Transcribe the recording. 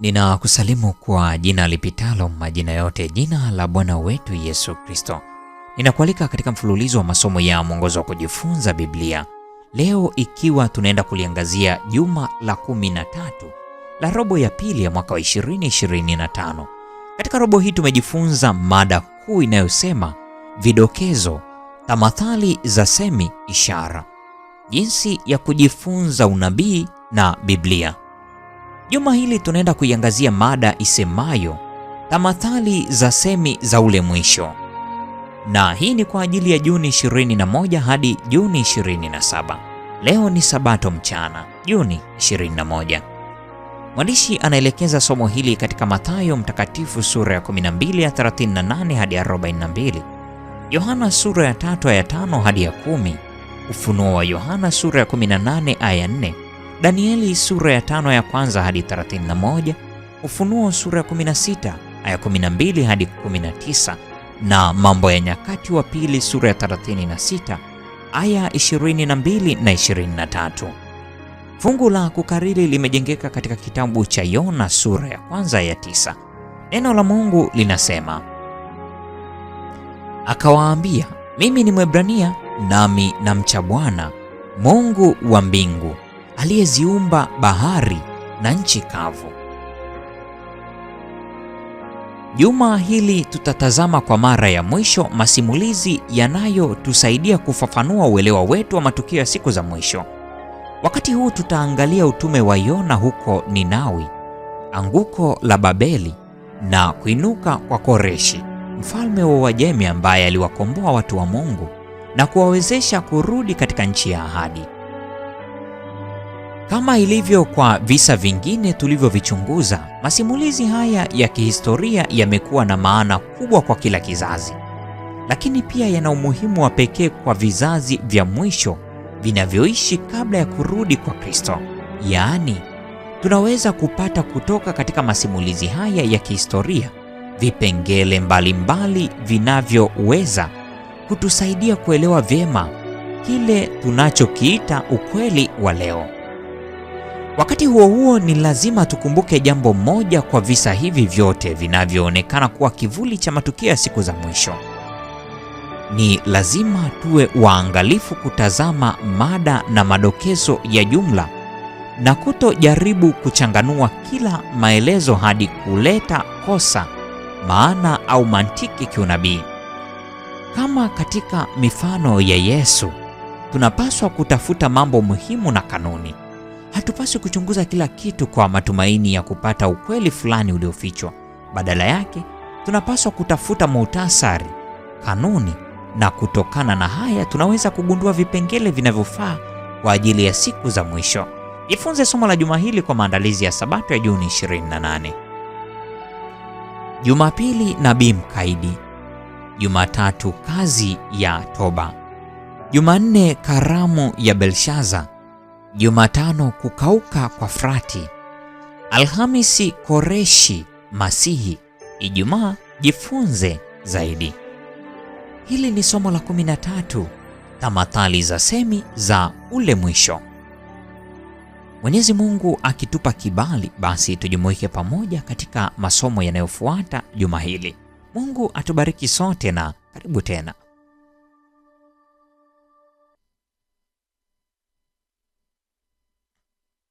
Ninakusalimu kwa jina lipitalo majina yote, jina la Bwana wetu Yesu Kristo. Ninakualika katika mfululizo wa masomo ya mwongozo wa kujifunza Biblia, leo ikiwa tunaenda kuliangazia juma la kumi na tatu la robo ya pili ya mwaka wa 2025. Katika robo hii tumejifunza mada kuu inayosema vidokezo, tamathali za semi, ishara, jinsi ya kujifunza unabii na Biblia. Juma hili tunaenda kuiangazia mada isemayo tamathali za semi za ule mwisho, na hii ni kwa ajili ya Juni 21 hadi Juni 27. Leo ni Sabato mchana, Juni 21. Mwandishi anaelekeza somo hili katika Mathayo Mtakatifu sura ya 12 ya 38 hadi ya 42, Yohana sura ya 3 aya ya 5 hadi ya 10, Ufunuo wa Yohana sura ya 18 aya 4 Danieli sura ya tano ya kwanza hadi 31, Ufunuo sura ya 16 aya 12 hadi 19 na Mambo ya Nyakati wa Pili sura ya 36 aya 22 na 23. Fungu la kukariri limejengeka katika kitabu cha Yona sura ya kwanza ya tisa. Neno la Mungu linasema, akawaambia, mimi ni Mwebrania nami namcha Bwana Mungu wa mbingu aliyeziumba bahari na nchi kavu. Juma hili tutatazama kwa mara ya mwisho masimulizi yanayotusaidia kufafanua uelewa wetu wa matukio ya siku za mwisho. Wakati huu tutaangalia utume wa Yona huko Ninawi, anguko la Babeli na kuinuka kwa Koreshi, mfalme wa Uajemi ambaye aliwakomboa watu wa Mungu na kuwawezesha kurudi katika nchi ya ahadi. Kama ilivyo kwa visa vingine tulivyovichunguza, masimulizi haya ya kihistoria yamekuwa na maana kubwa kwa kila kizazi, lakini pia yana umuhimu wa pekee kwa vizazi vya mwisho vinavyoishi kabla ya kurudi kwa Kristo. Yaani, tunaweza kupata kutoka katika masimulizi haya ya kihistoria vipengele mbalimbali vinavyoweza kutusaidia kuelewa vyema kile tunachokiita ukweli wa leo. Wakati huo huo, ni lazima tukumbuke jambo moja kwa visa hivi vyote vinavyoonekana kuwa kivuli cha matukio ya siku za mwisho. Ni lazima tuwe waangalifu kutazama mada na madokezo ya jumla na kutojaribu kuchanganua kila maelezo hadi kuleta kosa maana au mantiki kiunabii. Kama katika mifano ya Yesu, tunapaswa kutafuta mambo muhimu na kanuni Hatupaswi kuchunguza kila kitu kwa matumaini ya kupata ukweli fulani uliofichwa. Badala yake, tunapaswa kutafuta muhtasari, kanuni, na kutokana na haya tunaweza kugundua vipengele vinavyofaa kwa ajili ya siku za mwisho. Jifunze somo la juma hili kwa maandalizi ya Sabato ya Juni 28. Jumapili, nabii mkaidi. Jumatatu, kazi ya toba. Jumanne, karamu ya Belshaza. Jumatano kukauka kwa Frati, Alhamisi koreshi Masihi, Ijumaa jifunze zaidi. Hili ni somo la 13 tamathali za semi za ule mwisho. Mwenyezi Mungu akitupa kibali, basi tujumuike pamoja katika masomo yanayofuata juma hili. Mungu atubariki sote na karibu tena.